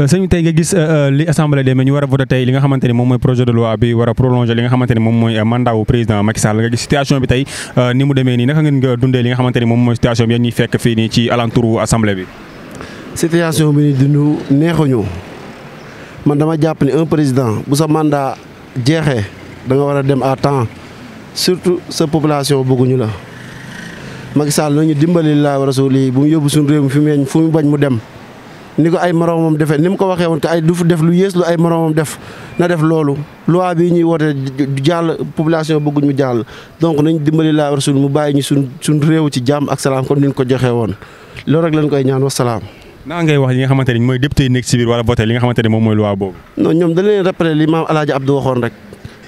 Euh, sëñ tey nga gis euh, euh, li assemblée demee ñu war a voté tey li nga xamante ni moom mooy projet de loi bi war a prolonger li nga xamante ni moom mooy mandat wu président Macky nga gis situation bi tey ni mu demee nii naka ngeen dundee li nga xamante ni moom mooy situation bi yéen ñuy fekk fii nii ci alentour assemblée bi. situation bi ni dund neexuñu man dama jàpp ni un président bu sa mandat jeexee da war a dem à temps surtout sa population bëgguñu la Macky Sall nañu dimbali laa war a bu mu fi mu bañ mu dem. ni ko ay moroomam defee ni mu ko waxee woon te ay du def lu yées ay moroomam def na def loolu loi bii ñuy woote jàll population bëgguñ mu jàll donc nañ dimbali laa rasul mu bàyyi ñu suñ suñ réew ci jàmm ak salaam kon niñ ko joxee woon loolu rek lañ koy ñaan wasalaam. naa ngay wax li nga xamante ne mooy député yi nekk si biir wala li nga xamante ne moom mooy loi boobu. non ñoom dañ leen rappelé li maam El Hadj Abdou waxoon rek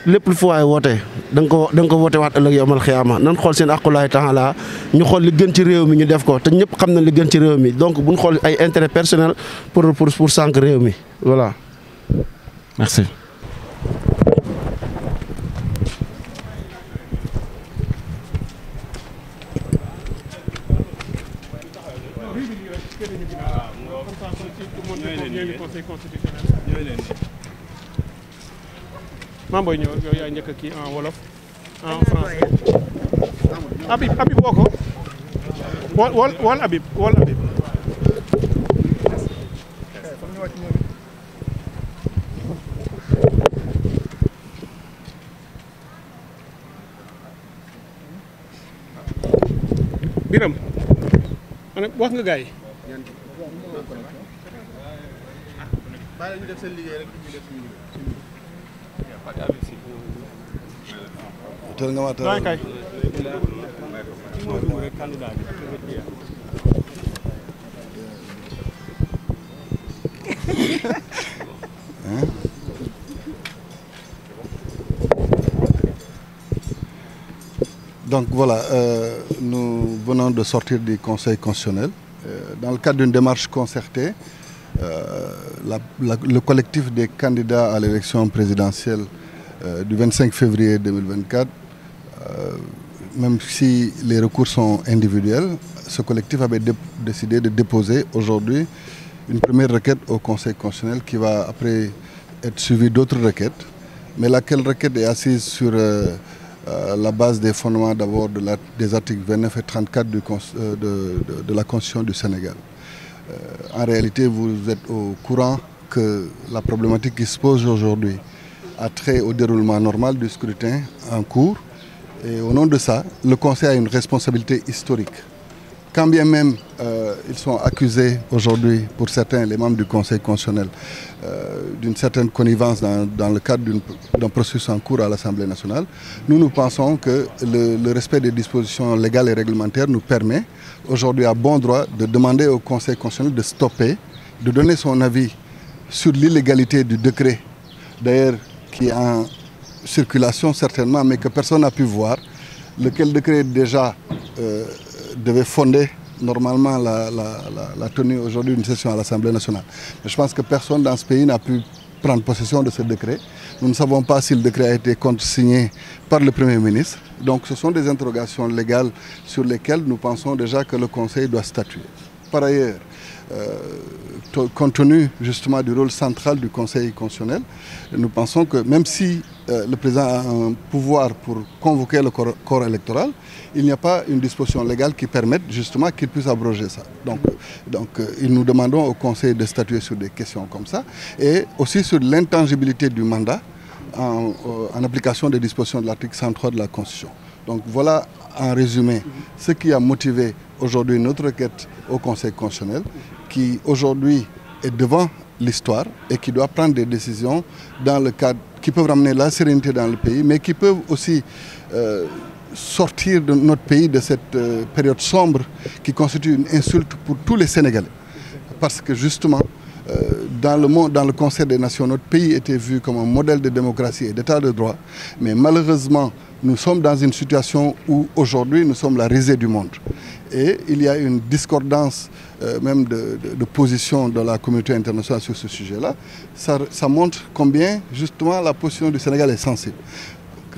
lépp lu fu waay wootee da nga ko da nga ko woote waat ëllëg yowmal xiyaama nan xool seen aqulaay taala ñu xol li gën ci réew mi ñu def ko te ñëpp xam na li gën ci réew mi donc buñ xool ay intérêt personnel pour pour pour sànq réew mi voilà merci maa booy ñëw yaa njëkk a kii wolof en français eh. Habib Habib woo ko wool wool Habib wool Habib Biram ma ne wax nga gars teel nga Donc voilà, euh, nous venons de sortir du Conseil constitutionnel euh, dans le cadre d'une démarche concertée Euh, la, la, le collectif des candidats à l'élection présidentielle euh, du 25 février 2024, euh, même si les recours sont individuels, ce collectif avait décidé de déposer aujourd'hui une première requête au Conseil constitutionnel qui va après être suivie d'autres requêtes, mais laquelle requête est assise sur euh, euh, la base des fondements d'abord de des articles 29 et 34 du, euh, de, de, de la Constitution Sénégal. Euh, en réalité, vous êtes au courant que la problématique qui se pose aujourd'hui a trait au déroulement normal du scrutin en cours. Et au nom de ça, le Conseil a une responsabilité historique. quand bien même euh, ils sont accusés aujourd'hui, pour certains, les membres du Conseil constitutionnel, euh, d'une certaine connivence dans, dans le cadre d'un processus en cours à l'Assemblée nationale, nous, nous pensons que le, le, respect des dispositions légales et réglementaires nous permet aujourd'hui à bon droit de demander au Conseil constitutionnel de stopper, de donner son avis sur l'illégalité du décret, d'ailleurs qui est en circulation certainement, mais que personne n'a pu voir, lequel décret déjà... Euh, devait fonder normalement la, la, la, la tenue aujourd'hui d'une session à l'Assemblée nationale. Mais je pense que personne dans ce pays n'a pu prendre possession de ce décret. Nous ne savons pas si le décret a été contresigné par le Premier ministre. Donc ce sont des interrogations légales sur lesquelles nous pensons déjà que le Conseil doit statuer. Par ailleurs, Euh, compte tenu justement du rôle central du Conseil constitutionnel, nous pensons que même si euh, le président a un pouvoir pour convoquer le corps, corps électoral, il n'y a pas une disposition légale qui permette justement qu'il puisse abroger ça. Donc, donc euh, nous demandons au Conseil de statuer sur des questions comme ça et aussi sur l'intangibilité du mandat en, euh, en application des dispositions de l'article 103 de la Constitution. Donc voilà en résumé ce qui a motivé aujourd'hui notre requête au Conseil constitutionnel qui aujourd'hui est devant l'histoire et qui doit prendre des décisions dans le cadre qui peuvent ramener la sérénité dans le pays mais qui peuvent aussi euh, sortir de notre de cette euh, période sombre qui constitue une insulte pour tous les Sénégalais. Parce que justement, euh, dans le monde, dans le Conseil des Nations, notre pays était vu comme de démocratie et d'état de droit. Mais malheureusement, nous sommes dans une situation où aujourd'hui nous sommes la risée du monde. Et il y a une discordance euh, même de, de, de, position de la communauté internationale sur ce sujet-là. Ça, ça, montre combien justement la position du Sénégal est sensible.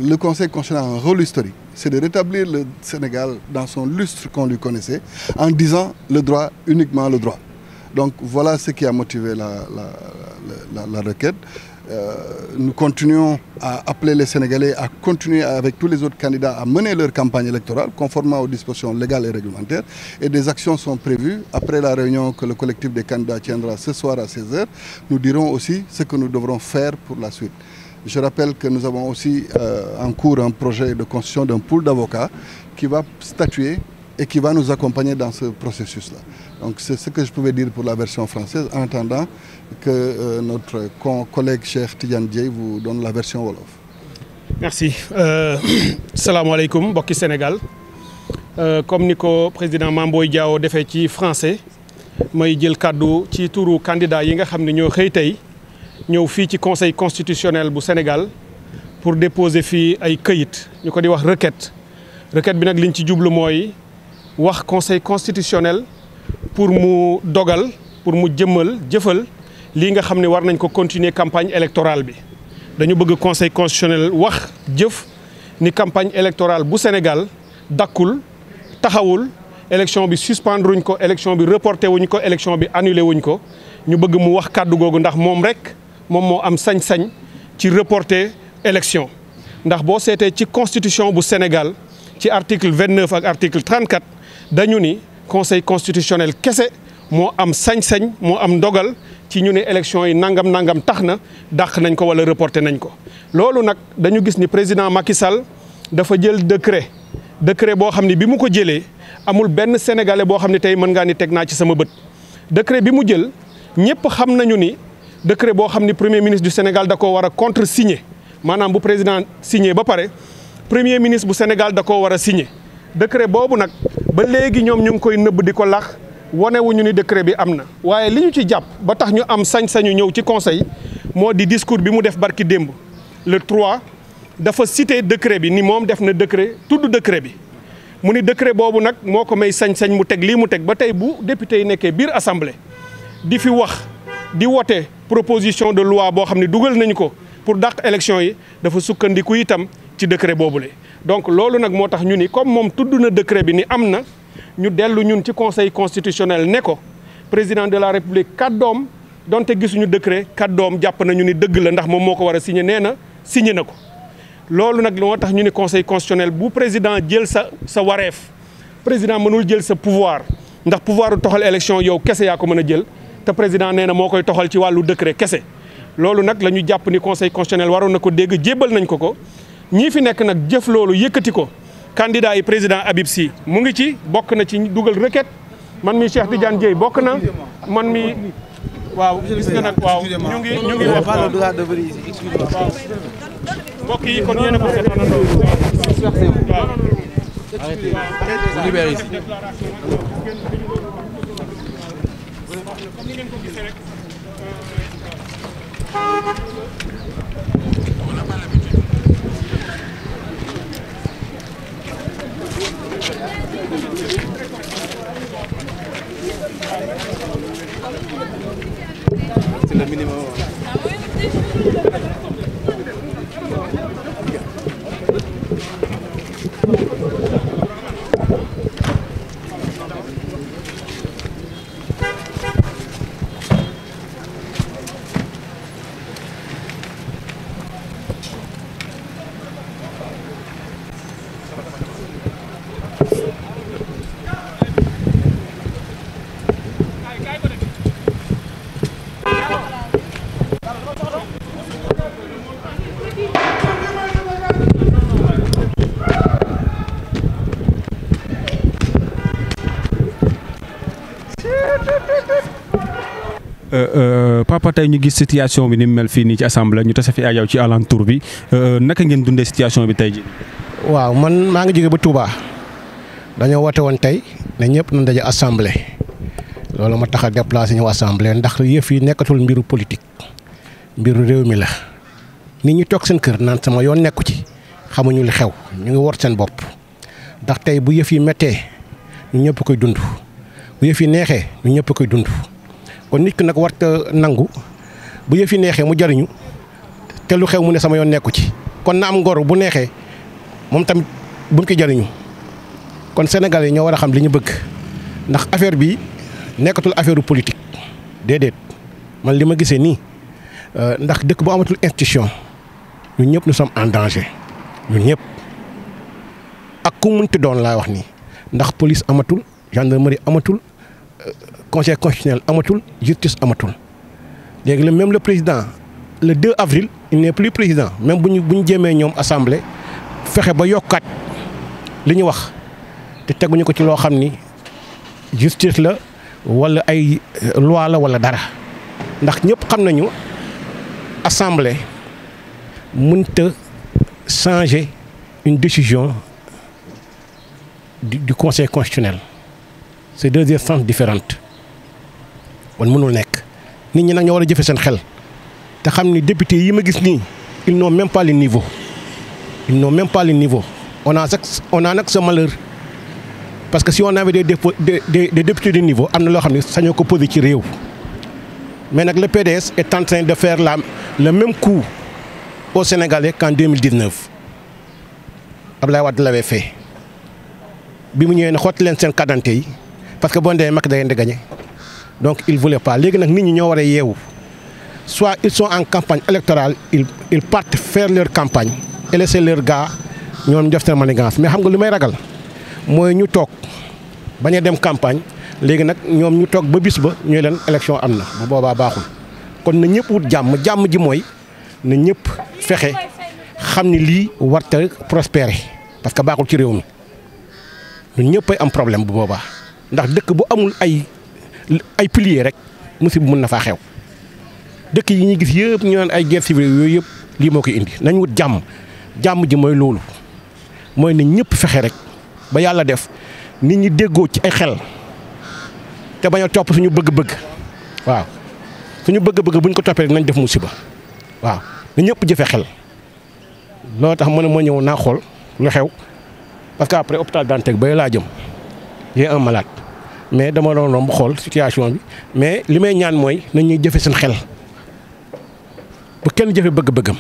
Le Conseil constitutionnel a un rôle historique, c'est de rétablir le Sénégal dans son lustre qu'on lui connaissait en disant le droit, uniquement le droit. Donc voilà ce qui a motivé la, la, la, la requête. Euh, nous continuons à appeler les Sénégalais à continuer avec tous les autres candidats à mener leur campagne électorale conformément aux dispositions légales et réglementaires. Et des actions sont prévues après la réunion que le collectif des candidats tiendra ce soir à 16h. Nous dirons aussi ce que nous devrons faire pour la suite. Je rappelle que nous avons aussi euh, en cours un projet de construction d'un pool d'avocats qui va statuer et qui va nous accompagner dans ce processus-là. Donc c'est ce que je pouvais dire pour la version française. En attendant, que euh, notre collègue Cheikh Tidiane Dieye la version wolof. merci euh, salaamaaleykum mbokki Sénégal euh, comme ni ko président Mame Boye Diao defee ci français may jël kàddu ci turu candidat yi nga xam ne ñoo xëy tey ñëw fii ci conseil constitutionnel bu Sénégal pour déposer fii ay këyit ñu ko di wax requête requête bi nag liñ ci jublu mooy wax conseil constitutionnel pour mu dogal pour mu jëmmal jëfal. lii nga xam ne war nañ ko continuer campagne électorale bi dañu bëgg conseil constitutionnel wax jëf ni campagne électorale bu Sénégal dakkul taxawul élection bi suspendre wuñ ko élection bi reporté wuñ ko élection bi annulé wuñ ko ñu bëgg mu wax kàddu googu ndax moom rek moom moo am sañ-sañ ci reporté élection ndax boo seetee ci constitution bu Sénégal ci article vingt-neuf ak article trente-quatre dañu ni conseil constitutionnel kese moo am sañ-sañ moo am ndogal ci ñu ne élection yi nangam nangam tax na dàq nañ ko wala reporté nañ ko loolu nag dañu gis ni président Macky Sall dafa jël décret décret boo xam ne bi mu ko jëlee amul benn sénégalais boo xam ne tey mën ngaa ni teg naa ci sama bët décret bi mu jël ñëpp xam nañu ni décret boo xam ni premier ministre du Sénégal da koo war a contre signer maanaam bu président signé ba pare premier ministre bu Sénégal da koo war a signer décret boobu nag ba léegi ñoom ñu ngi koy nëbb di ko lax wane ñu ni décret bi am na waaye li ñu ci jàpp ba tax ñu am sañ-sañu ñëw ci conseil moo di discours bi mu def barki démb le 3 dafa cité décret bi ni moom def na décret tudd décret bi mu ni décret boobu nag moo ko may sañ-sañ mu teg lii mu teg ba tey bu député yi nekkee biir assemblée di fi wax di wote proposition de loi boo xam ne dugal nañu ko pour dàq élection yi dafa sukkandiku itam ci boobu boobule donc loolu nag moo tax ñu ni comme moom tudd na décret bi ni am na ñu dellu ñun ci conseil constitutionnel ne ko président de la république kàddoom donte gisuñu décret kàddoom jàpp nañu ni dëgg la ndax moom moo ko war a signé nee na signé na ko. loolu nag moo tax ñu ni conseil constitutionnel bu président jël sa sa wareef président mënul jël sa pouvoir ndax pouvoir toxal élection yow kese yaa ko mën a jël te président nee na moo koy toxal ci wàllu décret kese. loolu nag la ñu jàpp ni conseil constitutionnel waroon na ko dégg jébbal nañ ko ko ñii fi nekk nag jëf loolu yëkkati ko. candidat yi président Habib Sy mu ngi ci bokk na ci dugal requête man mi Cheikh Tidiane Dièye bokk na man mi waaw gis nga nag waaw ñu ngi ñu ngi wax waaw mbokk yi kon yéen a ko seetaanandoo waaw C'est le Euh, euh, papa tey ñu gis situation bi ni mu mel fii nii ci assemblée ñu tase fi ak yow ci alentour bi euh, naka ngeen dundee situation bi tey ji waaw man maa ngi jóge ba Touba dañoo woote woon tey ne ñëpp nañ daje assemblée loolu ma tax a déplacé ñëw assemblée ndax yëf yi nekkatul mbiru politique mbiru réew mi la. nit ñu toog seen kër naan sama yoon nekku ci xamuñu li xew ñu ngi wor seen bopp ndax tey bu yëf yi méttee ñu ñëpp koy dund bu yëf yi neexee ñu ñëpp koy dund. kon nit ki nag war nangu bu yëf yi neexee mu jariñu te lu xew mu ne sama yoon nekku ci kon na am ngoro bu neexee moom tamit buñ ko jariñu kon sénégal yi ñoo war a xam li ñu bëgg ndax affaire bi nekkatul affaire politique déedéet man li ma gisee nii euh, ndax dëkk bu amatul institution ñun ñëpp nous sommes en ñun ñëpp ak ku munti doon laay wax nii ndax police amatul gendarmerie amatul. conseil constitutionnel amatul justice amatul léegi le même le président le 2 avril il n'est plus président même bu ñu bu ñu jéemee ñoom assemblée fexe ba yokkaat li ñu wax te teguñu ko ci loo xam ni justice la wala ay euh, loi la wala dara ndax ñëpp xam nañu assemblée mënta changer une décision du conseil constitutionnel. c'est deux instances différentes kon mënul nekk nit ñi nag ñoo war a jëfe seen xel te xam ni député yi ma gis nii ils n'ont même pas niveau ils n'ont même pas le niveau on a sax on a nag ce malheur parce que si on avait des dépos des des, des députés de niveau am na loo xam ne sañoo ko posé ci réew mais nag le PDS est en train de faire la le même coup aux Sénégalais qu'en 2019 Abdoulaye Wade l'avait fait bi mu ñëwee ne xotti leen seen kadante yi. parce que bon dee Macky da leen di donc il voulait pas léegi nag nit ñi ñoo war a yeewu soit ils sont en campagne électorale ils ils partent faire leur campagne et laisser gars ñoom def seen manigance mais xam nga lu may ragal mooy ñu toog bañ a dem campagne léegi nag ñoom ñu toog ba bis ba ñooy leen élection am na bu boobaa baaxul kon na ñëpp wut jàmm jàmm ji mooy na ñëpp fexe xam ni lii warta prospérer parce que baaxul ci réew mi ñun ñëpp am problème bu boobaa. ndax dëkk bu amul ay ay pilier rek musiba mun na faa xew dëkk yi ñuy gis yëpp ñu naan ay guerre civile yooyu yëpp lii moo koy indi nañ wut jàmm jàmm ji mooy loolu mooy ne ñëpp fexe rek ba yàlla def nit ñi déggoo ci ay xel te bañ a topp suñu bëgg-bëgg waaw suñu bëgg-bëgg buñ ko toppee rek nañ def musiba waaw na ñëpp jëfe xel loolu tax mu ne ma ñëw naa xool lu xew parce que après hôpital Dantec bay laa jëm. j'ai un malade mais dama doon romb xool situation bi mais li may ñaan mooy nañ ñuy jëfe seen xel bu kenn jëfe bëgg-bëggam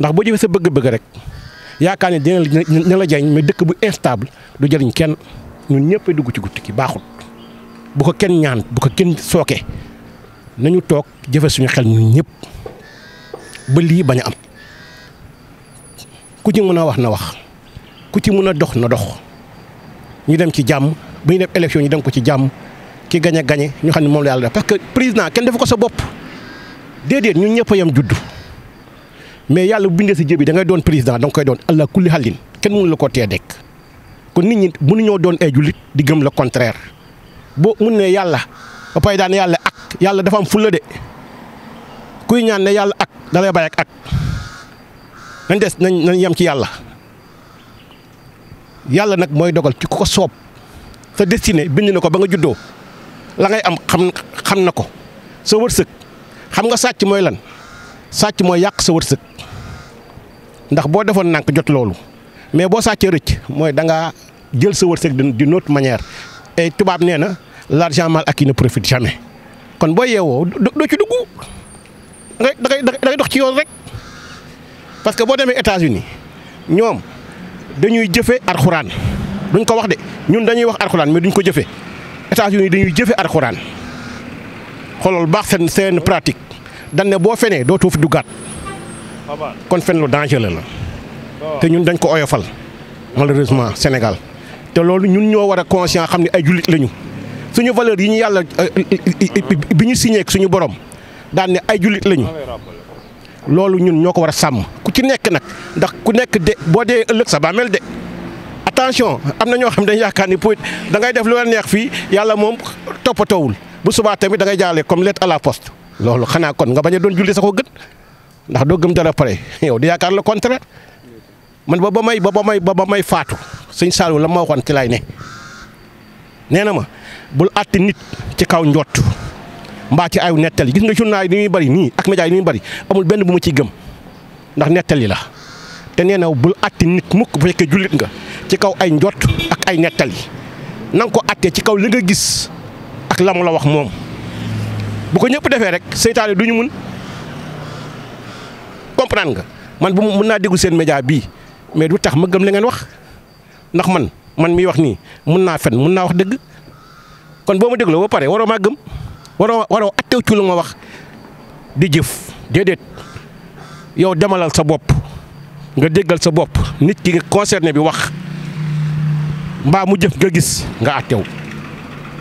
ndax boo jëfee sa bëgg-bëgg rek yaakaar ne dina la la jañ dëkk bu instable du jëriñ kenn ñun ñëpp dugg ci gutti ki baaxul bu ko kenn ñaan bu ko kenn sooke nañu toog jëfe suñu xel ñun ñëpp ba lii bañ a am ku ci mën a wax na wax ku ci mën a dox na dox. ñu dem ci jàmm bu ñu dem élection ñu dem ko ci jàmm ki gañ a gañe ñu xam ne moom la yàlla def parce que président kenn defu ko sa bopp déedéet ñun ñëpp a yem judd mais yàlla bu bindee si jëbi da ngay doon président da koy doon allah kulli xalin kenn mun na ko tee dekk kon nit ñi munu mënuñoo doon ay jullit di gëm la contraire boo mun ne yàlla ba pay daan yàlla ak yàlla dafa am fulla de kuy ñaan ne yàlla ak da lay bàyyi ak ak nañ des nañ nañ yem ci yàlla. yàlla nag mooy dogal ci ko soob sa destiné bind na ko ba nga juddoo la ngay am xam xam na ko sa wërsëg xam nga sàcc mooy lan sàcc mooy yàq sa wërsëg ndax boo defoon nànk jot loolu mais boo sàccee rëcc mooy da jël sa wërsëg d'une autre manière et tubaab nee na l'argent mal acquis ne profite jamais kon boo yeewoo doo ci dugg da ngay da dox ci yoon rek parce que boo demee États-Unis ñoom. dañuy jëfe alxuraan duñ ko wax de ñun dañuy wax alxuraan mais duñ ko jëfe États-Unis dañuy jëfe alxuraan xoolal baax seen seen pratique dañ boo fenee dootoo fi duggaat kon fen lu dangereux la te ñun dañ ko oyofal malheureusement Sénégal te loolu ñun ñoo war a conscient xam ne ay jullit lañu suñu valeur yi ñu yàlla euh, euh, euh, bi ñu signé suñu borom daan ne ay jullit lañu loolu ñun ñoo ko war a sàmm ku ci nekk nag ndax ku nekk de boo dee ëllëg sa bàmmeel de attention am na ñoo xam dañ yaakaar ni peut da ngay def lu la neex fii yàlla moom toppatowul bu subaa tamit dangay ngay comme lettre à la poste loolu xanaa kon nga bañ a doon julli sa ko gën ndax doo gëm dara pare yow di yaakaar le contraire man ba ba may ba ba may ba may faatu sëñ Saliou la ma waxoon ci lay ne nee na ma bul àtt nit ci kaw njott mbaa ci ayu nettali gis nga journal yi ni muy bëri nii ak média yi ni bari amul benn bu ma ciy gëm ndax nettali la te nee na bul atti nit mukk bu fekkee jullit nga ci kaw ay njott ak ay nettali na nga ko attee ci kaw li nga gis ak lamu la wax moom bu ko ñëpp defee rek seytaane du ñu mun comprendre nga man bu mun naa déglu seen média bii mais du tax ma gëm la ngeen wax ndax man man miy wax nii mun naa fen mun naa wax dëgg kon boo ma dégloo ba pare waroo maa gëm waroo waroo attew ci lu ma wax di jëf déedéet yow demalal sa bopp nga déggal sa bopp nit ki nga concerné bi wax mbaa mu jëf nga gis nga attew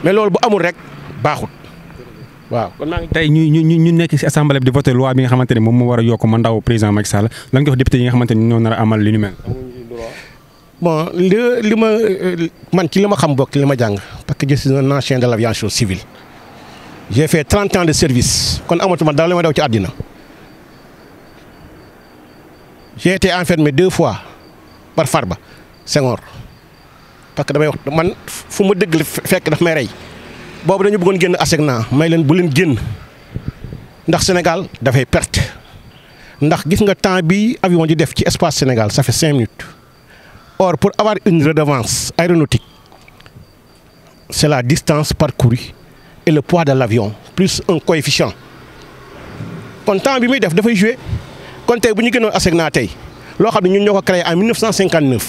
mais loolu bu amul rek baaxut waaw kon maa ngi tey ñu ñu ñu nekk ci assemblée bi di voté loi bi nga xamante moom moo war a yokk ma ndaw président Macky Sall lan nga wax député yi nga nar a amal li nu mel. bon li li ma euh, man ci li ma xam bokk li ma jàng parce que je suis un ancien de l'aviation civile. j'ai fait trente ans service kon amatuma dara ci àddina j'ai été enfermé fois par Farba Senghor parce que damay wax man fu ma dëgg fekk daf may rey boobu dañu buggoon génn aseg naa may leen bu leen génn ndax Sénégal dafay perte ndax gis nga temps bi avion di def ci espace Sénégal ça fait cinq minutes or pour avoir une redevance aéronautique c'est la distance parcourue pois le poids de l'avion plus un coefficient kon temps bi muy def dafay joué kon tey bu ñu gënoon ASECNA tey loo xam ne ñun ñoo ko créé en 1959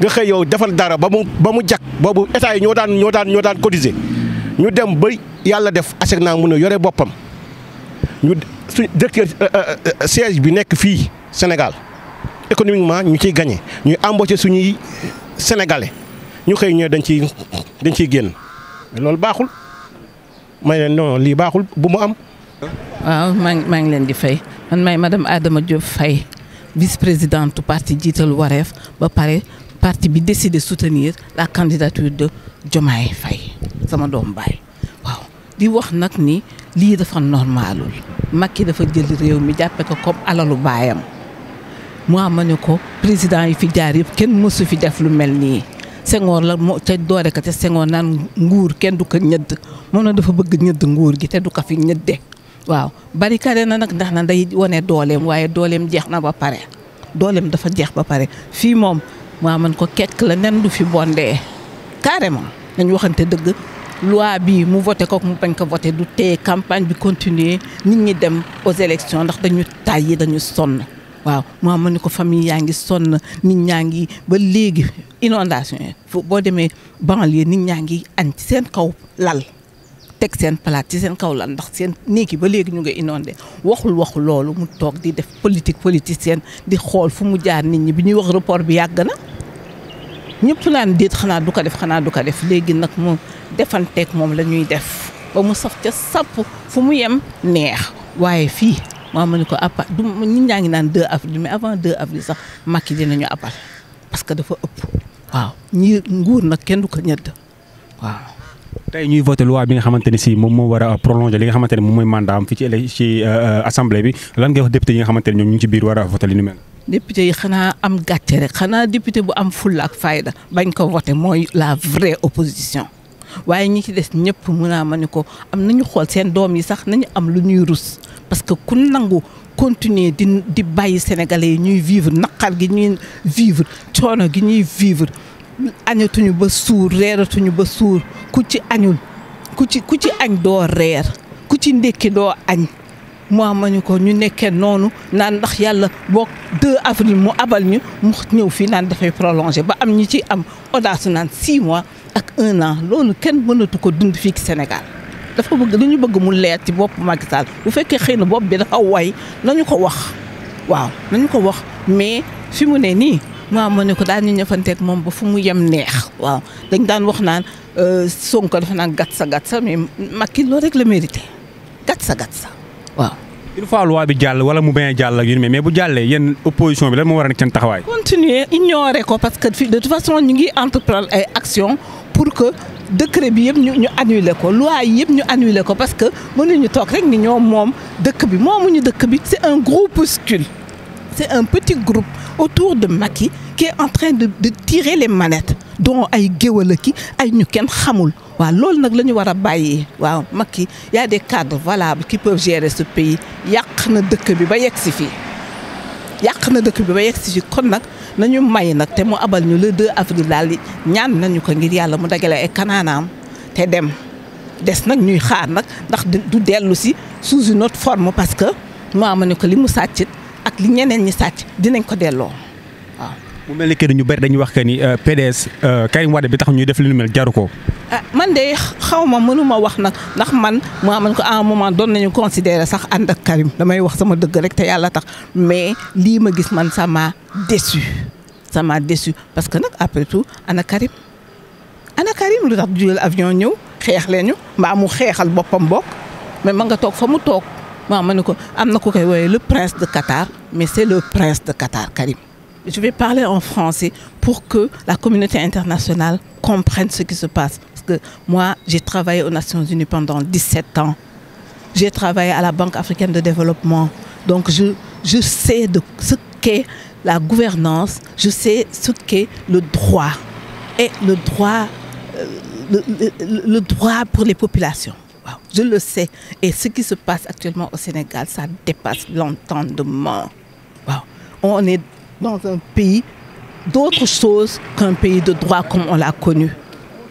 nga xëy yow defal dara ba mu ba mu jag boobu état yi ñoo daan ñoo daan ñoo daan cotiser ñu dem ba yàlla def ASECNA mun a yore boppam ñu suñ directeur euh, euh, euh, bi nekk fii Sénégal économiquement ñu ciy gagné ñuy embauché suñuy sénégalais ñu xëy ñooy dañ ciy génn. loolu baaxul may leen non lii baaxul bu mu am. waaw maa ngi maa ngi leen di fay man may madame Adama Diop fay vice présidente parti jiital wareef ba pare parti bi décidé soutenir la candidature de Diomaye fay sama doom baay waaw di wax nag ni lii dafa normalul Macky dafa jël réew mi jàppe ko comme alalu baayam mu ma ne ko président yi fi jaar yëpp kenn mësu fi def lu mel nii Senghor la moo ca doore ka te Senghor naan nguur kenn du ko ñëdd moom na dafa bëgg ñëdd nguur gi te du ko fi ñëdde waaw bari barricade na nag ndax na day wane dooleem waaye dooleem jeex na ba pare dooleem dafa jeex ba pare fii moom maa man ko kekk la nen du fi bondee carrément nañ waxante dëgg loi bi mu voté ko mu bañ ko voté du teye campagne bi continuer nit ñi dem aux élections ndax dañu tàyyi dañu sonn waaw maa ma ne ko famille yaa ngi sonn nit ñaa ngi ba léegi inondation yi boo demee banlieue nit ñaa ngi añ ci seen kaw lal teg seen palaat ci seen kaw lal ndax seen néeg yi ba léegi ñu ngi inondé waxul waxul loolu mu toog di def politique politicienne di xool fu mu jaar nit ñi bi ñuy wax report bi yàgg na ñëpp naan déet xanaa du ko def xanaa du ko def léegi nag moom defanteeg moom la ñuy def ba mu saf ca sàpp fu mu yem neex waaye fii moo ma ni ko appal du ñun ñaa ngi naan 2 avril mais avant 2 avril sax Macky dinañu appal parce que dafa ëpp waaw ñi nguur nag kenn du ko ñedd waaw. tey ñuy voté loi nga xamante ni si moom moo war a prolonger li nga xamante ne moom mooy mandat am fii ci élec ci euh, euh, assemblée bi lan ngay wax député xamante ne ñoom ñu ngi ci biir war a voté li nu mel. député yi xanaa am gàcce rek xanaa député bu am fulla ak fayda bañ ko voté mooy la vraie opposition waaye ñi ci des ñëpp mun naa ma ko am nañu xool seen doom yi sax nañu am lu ñuy rus parce que ku nangu continuer di di bàyyi sénégalais yi ñuy vivre naqar gi ñuy vivre coono gi ñuy vivre añatuñu ba suur reeratuñu ba suur ku ci añul ku ci ku ci añ door reer ku ci ndékki doo añ moo ma ko ñu nekkee noonu naan ndax yàlla boog 2 avril mu abal ñu mu ñëw fii naan dafay prolongé ba am ñu ci am audace naan 6 mois ak un an loolu kenn mënatu ko dund fii ci senegal dafa bëgg dañu bëgg mu leer ci bopp Macky bu fekkee xëy na bopp bi dafa way nañu ko wax waaw nañu ko wax mais fi mu ne nii waaw ma ne ko daan ñu ñëfanteeg moom ba fu mu yem neex waaw dañ daan wax naan euh, Sonko dafa naan gàtt sa gàtt sa mais Macky loolu rek la mérité gàtt sa gàtt sa waaw une fois loi bi jàll wala mu bañ a jàll ak yu mais bu jàllee yéen opposition bi la moo war a nekk seen taxawaay. continuer ignorer ko parce que de toute façon ñu ngi entreprendre ay actions pour que décret bi yëpp ñu ñu annulé ko loi yëpp ñu annulé ko parce que mënuñu toog rek ni ñoom moom dëkk bi ñu dëkk bi c'est un groupuscule c'est un petit group autour de Macky qui est de de tirer les don dont ay géwala ki ay ñu kenn xamul waa loolu nag la ñu war a bàyyi waaw Macky y a des cadres valables qui peuvent gérer ce pays yàq na dëkk bi ba yegg si fii yàq na dëkk bi ba yegg si ci kon nag nañu may nag te mu abal ñu la 2 avril daal di ñaan nañu ko ngir yàlla mu dagale ay kanaanaam te dem des nag ñuy xaar nag ndax du dellu si sous une autre forme parce que moo ma ne ko li mu sàccit ak li ñeneen ñi sàcc dinañ ko delloo waaw mu mel ni que ñu bari dañuy wax que ni euh, PDS euh, Karim Wade bi tax ñuy def li nu mel jaru ko. ah man de xaw ma mënu ma wax nag ndax man maa man ko à doon nañu considérer sax ànd ak Karim damay wax sama dëgg rek te yàlla tax mais lii ma gis man sama déçu sama déçu parce que nag après tout ana Karim ana Karim lu tax jël avion ñëw xeex leen ñu mbaa mu xeexal boppam bokk mais ma nga toog fa mu toog waaw ma ne ko am na ko koy woowee le prince de Qatar mais c'est le prince de Qatar Karim. je vais parler en français pour que la communauté internationale comprenne ce qui se passe. Parce que moi, j'ai travaillé aux Nations Unies pendant 17 ans. J'ai travaillé à la Banque africaine de développement. Donc, je, je sais de ce la gouvernance, je sais ce qu'est le droit. Et le droit, euh, le, le, le droit pour les populations. Je le sais. Et ce qui se passe actuellement au Sénégal, ça dépasse l'entendement. de On est dans un pays d'autre chose qu'un pays de droit comme on l'a connu.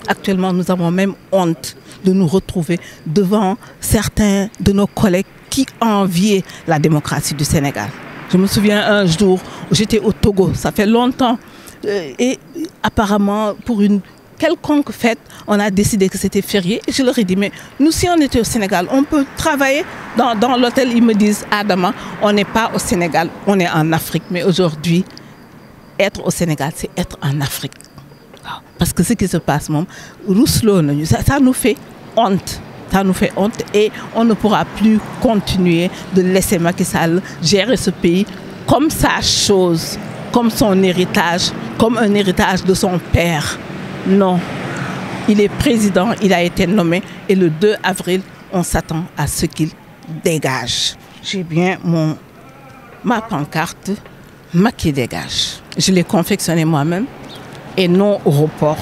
Actuellement, nous avons même honte de nous retrouver devant certains de nos collègues qui enviaient la démocratie du Sénégal. Je me souviens un jour, j'étais au Togo, ça fait longtemps, euh, et apparemment pour une quelconque fête, on a décidé que c'était férié. Et je leur dit, mais nous, si on était au Sénégal, on peut travailler dans, dans l'hôtel. me disent, ah, Adama, on n'est pas au Sénégal, on est en Afrique. Mais aujourd'hui, être au Sénégal, c'est être en Afrique. Ah, parce que ce qui se passe, mom, ça, nous fait honte ça nous fait honte comme sa chose, comme son héritage, comme un héritage de son père. Non. Il est président, il a été nommé et le 2 avril, on s'attend à ce qu'il dégage. J'ai bien mon, ma pancarte Macky dégage. Je l'ai confectionnée moi-même et non au report.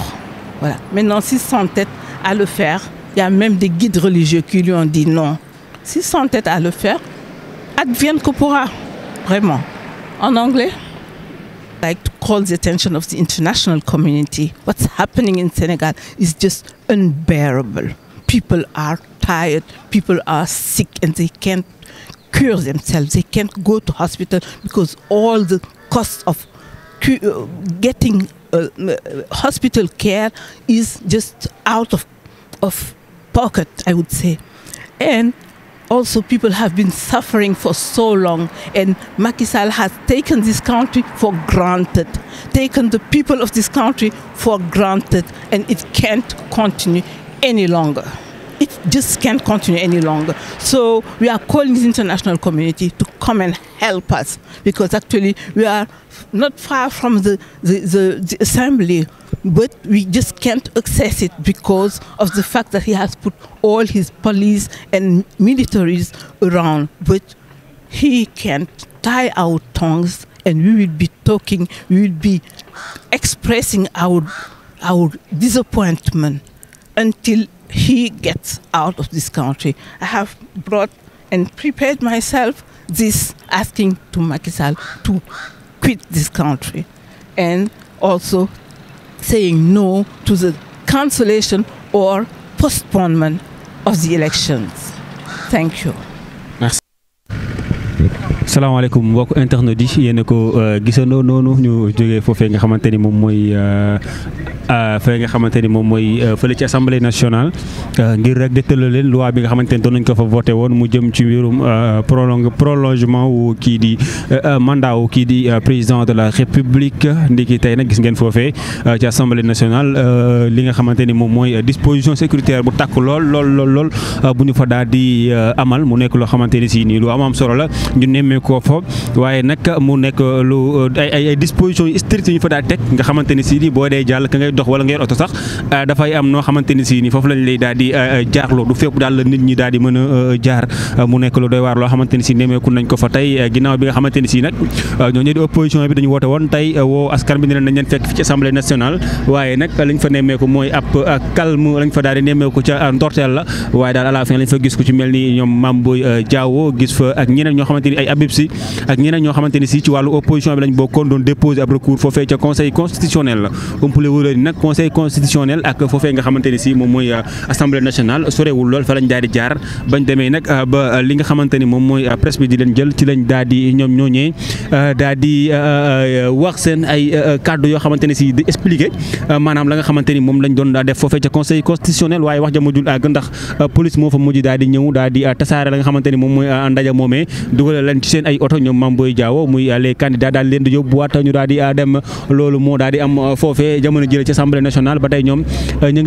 Voilà. Maintenant, s'il s'entête à le faire, il y a même des guides religieux qui lui ont dit non. S'il s'entête à le faire, advienne que pourra. Vraiment. En anglais like to call the attention of the international community. What's happening in Senegal is just unbearable. People are tired, people are sick and they can't cure themselves. They can't go to hospital because all the costs of uh, getting uh, uh, hospital care is just out of, of pocket, I would say. And also people have been suffering for so long and Macky Sall has taken this country for granted, taken the people of this country for granted and it can't continue any longer. It just can't continue any longer. So we are calling the international community to come and help us because actually we are not far from the, the, the, the assembly but we just can't access it because of the fact that he has put all his police and militaries around. But he can tie our tongues and we will be talking, we will be expressing our, our disappointment until he gets out of this country. I have brought and prepared myself this asking to Macky Sall to quit this country and also saying no to the cancellation or postponement of the elections. Thank you. salaamaaleykum mbokk internet yi yéen a ko euh, gisandoo noonu ñu jógee foofee nga xamante ni moom mooy euh, euh, fee nga xamante ni moom mooy fële ci assemblée nationale ngir rek dëttaloo leen loi bi nga xamante ni doon nañ ko fa voté woon mu jëm ci mbirum prolong prolongement wu kii di mandaaw kii di président de la république ndiki tey nag gis ngeen foofee ci assemblée nationale li nga xamante ni moom mooy disposition sécuritaire bu takk lool lool bu ñu fa daal di amal mu nekk loo xamante ni si nii lu am am solo la ko fa waaye nag mu nekk lu ay ay dispositions yu strictes yu ñu fa daal teg nga xamante ni si nii boo dee jàll ka ngay dox wala ngay oto sax euh, dafay am noo xamante ni nii foofu lañ daal di euh, euh, jaarloo du fépp daal la nit ñi daal di mën a jaar mu nekk lu doy waar loo xamante ni si nemeeku nañ di opposition bi dañu woote woon tey woo askan bi nañ leen fekk fi ci assemblée nationale waaye nag lañ fa nemmeeku mooy ab calme lañ fa daal di nemmeeku Philips si ak ñeneen ñoo xamante ni si ci wàllu opposition bi lañ bokkoon doon déposé ab recours foofee ca conseil constitutionnel la ëmpale wóola ni nag conseil constitutionnel ak foofee nga xamante si moom mooy euh, assemblée nationale sorewul lool fa lañ daal jaar bañ demee nag euh, euh, li nga xamante moom mooy presse ay kàddu yoo xamante ni si di expliqué maanaam la nga ni moom lañ doon def foofee ca conseil constitutionnel waaye wax ja mujjul àgg ndax police moo fa mujj daal ñëw daal tasaare la nga xamante ni moom mooy leen ay oto ñoom Mame Boye Diao muy les candidats daal leen di yóbbuwaat ñu daal di ah, am ah, foofee jamono jële ci assemblée nationale ba tey ñoom ah, ñu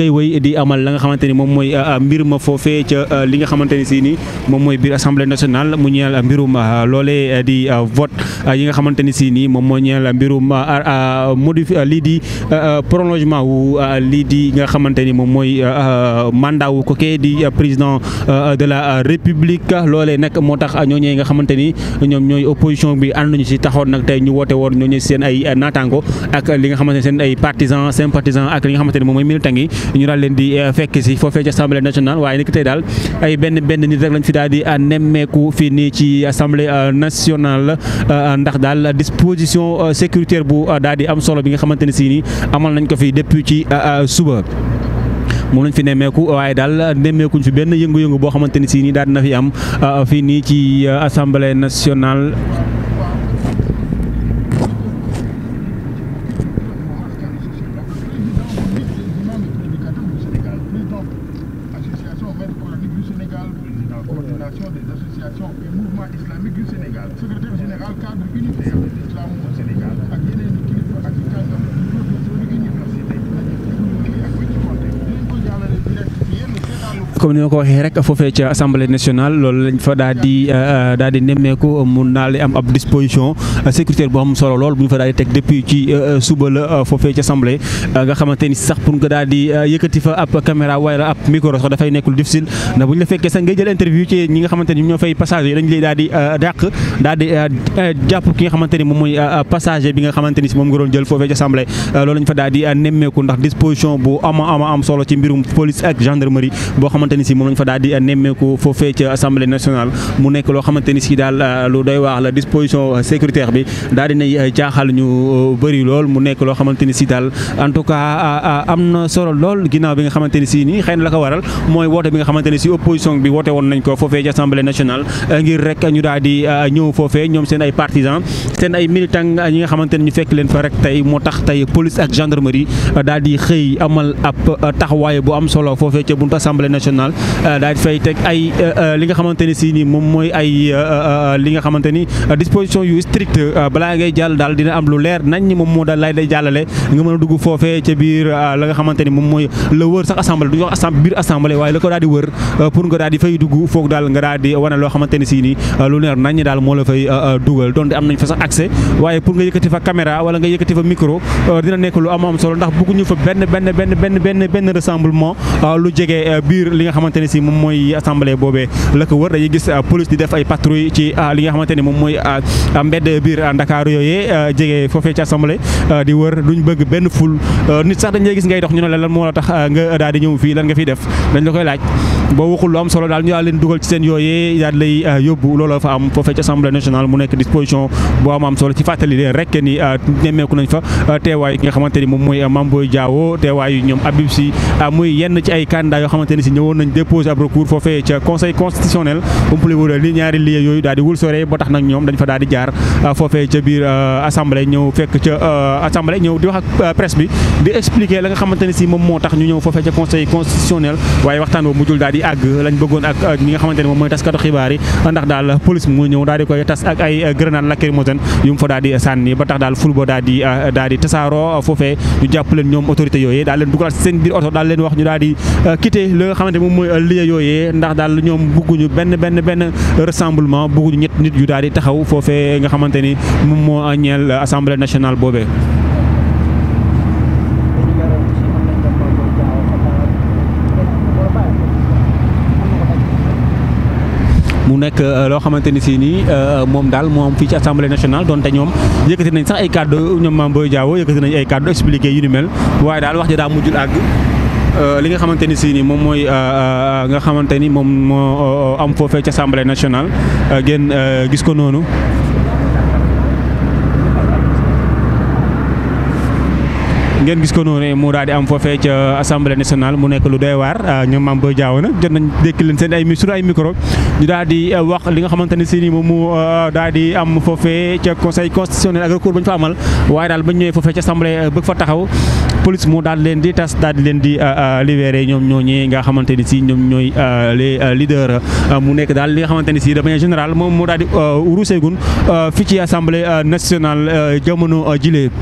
amal la nga xamante ni moom mooy mbir ma foofee ca li nga xamante ni si moom mooy biir assemblée nationale mu ñeel mbirum loolee di vote yi nga xamante ni si ni moom moo ñeel mbirum lii di prolongement wu lii di nga xamante ni moom mooy mandat wu di président de la république loolee nag moo tax ñooñee nga xamante ñoom ñooy opposition bi ànd nañu si taxawoon nag tey ñu woote woon ñoo ñu seen ay euh, naataango ak li nga xamante ne seen ay partisans sympathisants ak li nga xamante ne moom mooy militant yi ñu daal leen di euh, fekk si foofee ci assemblée nationale waaye nag tey daal ay benn benn nit rek lañ fi daal di euh, nemmeeku fii nii ci assemblée nationale ndax daal disposition sécuritaire bu daal di am solo bi nga xamante ne si nii amal nañ ko fi depuis ci suba. moom lañ fi nemmeeku waaye daal nemmeekuñ fi benn yëngu-yëngu boo xamante ni si nii daal dina fi am ah, fii nii ci ah, assemblée nationale. comme ni ma ko waxee rek foofee ca assemblée nationale loolu lañ fa daal di euh, euh, daal di nemmeeku mun naa euh, lool bu fa daal di ci suba la foofee ca assemblée ni sax pour daal di yëkkati fa ab caméra wala ab micro sax dafay nekk lu difficile ndax fekkee sax ngay jël interview ci ñi nga xamante ni ñoo fay ki nga xamante ni moom mooy passager bi nga xamante ni si moom nga doon jël foofee ca assemblée loolu lañ fa daal di nemmeeku ndax disposition bu ama ama am solo ci mbirum police ak gendarmerie boo xamante xamante ni si moom lañ fa daal di nemmeeku foofee ci assemblée nationale mu nekk loo xamante ni si daal euh, lu doy waax la disposition euh, sécuritaire bi daal di nay euh, jaaxal ñu bëri lool mu nekk loo xamante ni si daal en tout cas am na solo lool ginnaaw bi nga xamante si la ko waral mooy woote bi nga xamante opposition bi woote woon nañ ko foofee ci assemblée nationale ngir rek ñu daal di ñëw foofee ñoom seen ay partisans seen ay militants ñi nga xamante ñu fekk leen fa rek tey moo tax tey nationale euh, daal di fay teg ay euh, euh, li nga xamante ni si nii moom mooy ay li nga xamante ni disposition yu strict balaa ngay jàll daal dina am lu leer nañ moom moo daal lay day jàllale nga mën a dugg foofee ca biir la nga xamante moom mooy la wër sax assemblée du ñu wax biir assemblée waaye la ko daal di wër pour nga daal di fay dugg foog daal nga daal di wane loo xamante ni si lu leer nañ daal moo la fay dugal donte am nañ fa sax accès waaye pour nga yëkkati fa caméra wala nga yëkkati fa micro dina nekk lu am am xamante ne si moom mooy assemblée boobee la ko wër dañuy gis euh, police di def ay patrouille ci euh, li nga xamante ne moom mooy euh, mbedd biir Ndakaaru yooyee jege foofe ci assemblée di wër duñ bëgg benn ful nit sax dañ lay gis ngay dox ñu ne la lan moo la tax nga daal di ñëw fii lan nga fiy def dañu la koy laaj boo waxul lu am solo daal ñu daal leen dugal ci seen yooyee daal lay euh, yóbbu looloo fa am foofee ci assemblée nationale mu nekk disposition bu am am solo ci fàttali leen rek ni euh, nemmeeku nañ fa euh, teewaay ki nga xamante moom yoo xamante ni si ñëwoon nañ déposé ab recours foofee ca conseil constitutionnel umpale yooyu daal di wul sore ba tax nag fekk di wax ak presse bi di si moom moo tax ñu ñëw foofee ca conseil constitutionnel waaye waxtaan boobu mujjul daal di àgg lañ bëggoon ak ñi nga xamante ne moom mooy taskatu xibaar yi ndax daal police mu ñëw daal di koy tas ak ay grenade lacrymogène yu mu fa daal di sànni ba tax daal ful euh, daal di tasaaroo foofee ñu jàpp leen ñoom autorité yooyee daal leen dugalaat seen biir oto daal leen wax ñu daal di euh, quitter li nga xamante moom mooy lieu yooyee ndax daal ñoom bugguñu benn benn benn rassemblement bugguñu ñett nit yu daal di taxaw foofee nga xamante ni moom moo ñeel assemblée nationale boobee mu nekk euh, loo xamante ni si nii euh, moom daal moo am fii ci assemblée nationale donte ñoom yëkkati nañ sax ay kàddu ñoom Mame Boye Diao yëkkati nañ ay kàddu expliqué yu ni mel waaye daal wax ji daa mujjul àgg. Euh, li nga xamante ni si nii moom mooy nga xamante ni moom moo am foofee ci assemblée nationale ngeen gis ko noonu. ngeen gis ko noonu mu daal di am foofee ca assemblée nationale mu nekk lu doy waar ah, ñoom Mame Boye Diao nag jot nañ dékk leen seen ay sur ay micro ñu daal di eh, wax li nga xamante ne si ni moom mu eh, daal di am foofee ca conseil constitutionnel ak recours ba ñu amal waaye daal ba ñëwee foofee ca assemblée eh, bëgg fa taxaw police moo daal di leen di tas di leen di libéré ñoom ñooñee nga xamante ni si ñoom ñooy les leaders mu nekk daal li nga xamante ni si de général moom moo daal di ruuseegun fii ci assemblée nationale jamono jile.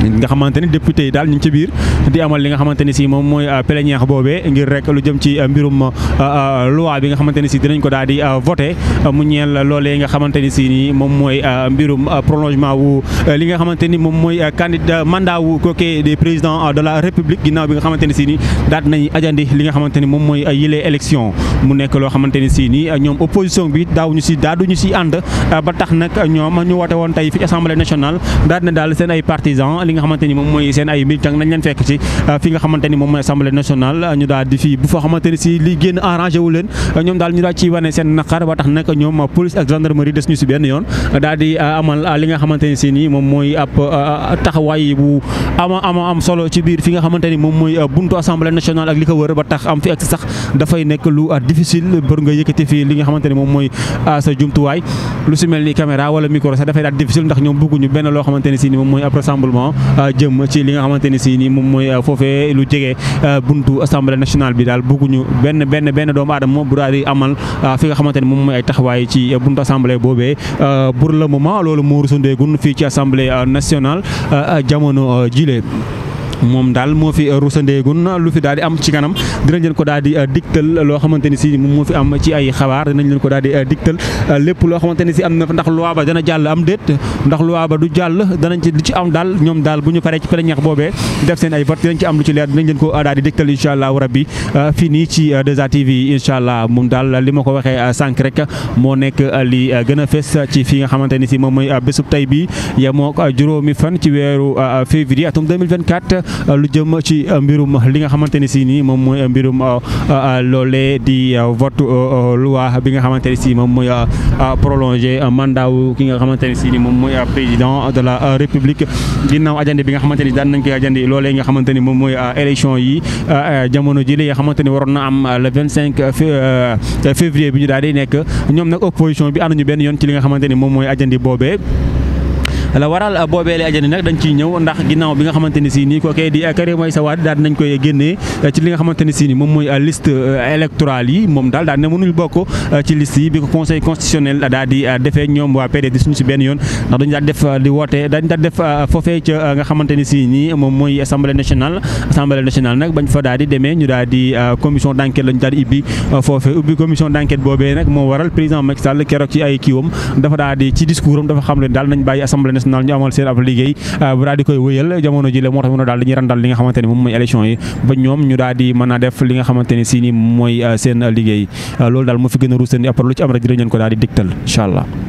nga xamante ni député yi daal ñu ngi ci biir di amal li nga xamante ni si moom mooy euh, plénière boobee ngir rek lu jëm ci euh, mbirum euh, loi bi nga xamante ni si dinañ ko daal di voté mu ñeel loolee nga xamante ni si ni moom mooy mbirum prolongement wu li nga xamante ni moom mooy candidat mandat wu kookee des présidents de la république ginnaaw bi nga xamante ni si ni daal nañ ajandi li nga xamante ni moom mooy yile élection mu nekk loo xamante ni si ni ñoom opposition bi daawuñu si daaduñu si ànd ba tax nag ñoom ñu woote woon tey fi assemblée nationale daal na daal ay partisans li nga xamante ni moom mooy seen ay militants nañ leen fekk ci euh, fi nga xamante ni moom mooy assemblée nationale euh, ñu daal di fii bu fa xamante ni si euh, yoon daal di amal nga xamante ni si nii moom mooy ab taxawaay bu ama ama am solo ci biir fi nga xamante ni moom mooy buntu assemblée nationale ak li ko wër ba tax am fi ak sax dafay nekk lu difficile pour nga yëkkati fii li nga xamante ni moom mooy sa jumtuwaay lu loo xamante ni si ni moom mooy Euh, jëm ci li nga xamante ni si nii moom mooy euh, foofee lu jege euh, buntu assemblée nationale bi daal bëgguñu benn benn benn doomu aadama bu daal di amal fi nga xamante ni moom mooy ay taxawaay ci buntu assemblée boobee pour le moment loolu moo rusandeegun fii ci assemblée nationale jamono jile moom daal moo fi euh, rusandeegun lu fi daal di am ci kanam dinañ leen ko daal di euh, digtal loo xamante ni si moo fi am ci ay xabaar dinañ leen ko daal di euh, digtal lépp loo xamante ni si am na ndax loi ba dana jàll am déet ndax loi ba du jàll danañ ci lu ci am daal ñoom daal bu ñu paree ci plénière boobee def seen ay am lu ci leer dinañ leen ko daal di digtal incha allah rabbi fii nii ci 2A TV incha allah moom daal li ma ko waxee sànq rek moo nekk li gën a fes ci fi nga xamante ni si moom mooy bésub tey bi yemoo juróomi fan ci weeru février atum 2024 Euh, lu jëm ci euh, mbirum li nga xamante ne si nii moom mooy euh, mbirum loolee di vote loi bi nga xamante ne si moom mooy a prolongé mandat wu ki nga xamante ne si nii moom mooy président de la république ginnaaw ajandi bi nga xamante ni daan nañ koy ajandi loolee nga xamante ni moom mooy élection yi jamono ji li nga xamante ni waroon na am le 25 février bi ñu daal di nekk ñoom na opposition bi ànduñu benn yoon ci li nga xamante ni moom mooy ajandi boobee la waral euh, boobee la ajandi nag dañ ciy ñëw ndax ginnaaw bi nga xamante ni si nii kookee di euh, Karim Meïssa Wade daal nañ koy génnee euh, ci li nga xamante ni si nii moom mooy assemblée nationale assemblée nationale nag bañ fa daal di demee ñu daal di commission d'enquête lañu daal di ubbi foofee ubbi commission d'enquête boobee nag moo waral président Macky Sall keroog ci ay kiiwam dafa daal di ci discours am dafa xam leen daal nañ bàyyi assemblée national ñu amal seen ab liggéey ah, bu daal koy wëyal jamono ji la moo tax mën a daal dañuy randal li nga xamante ni moom élection yi ba ñoom ñu daal di mën a def li nga xamante ni si ni mooy ah, seen liggéey ah, loolu daal moo fi gën a ruusandi après lu ci am rek dinañ leen ko daal di digtal incha allah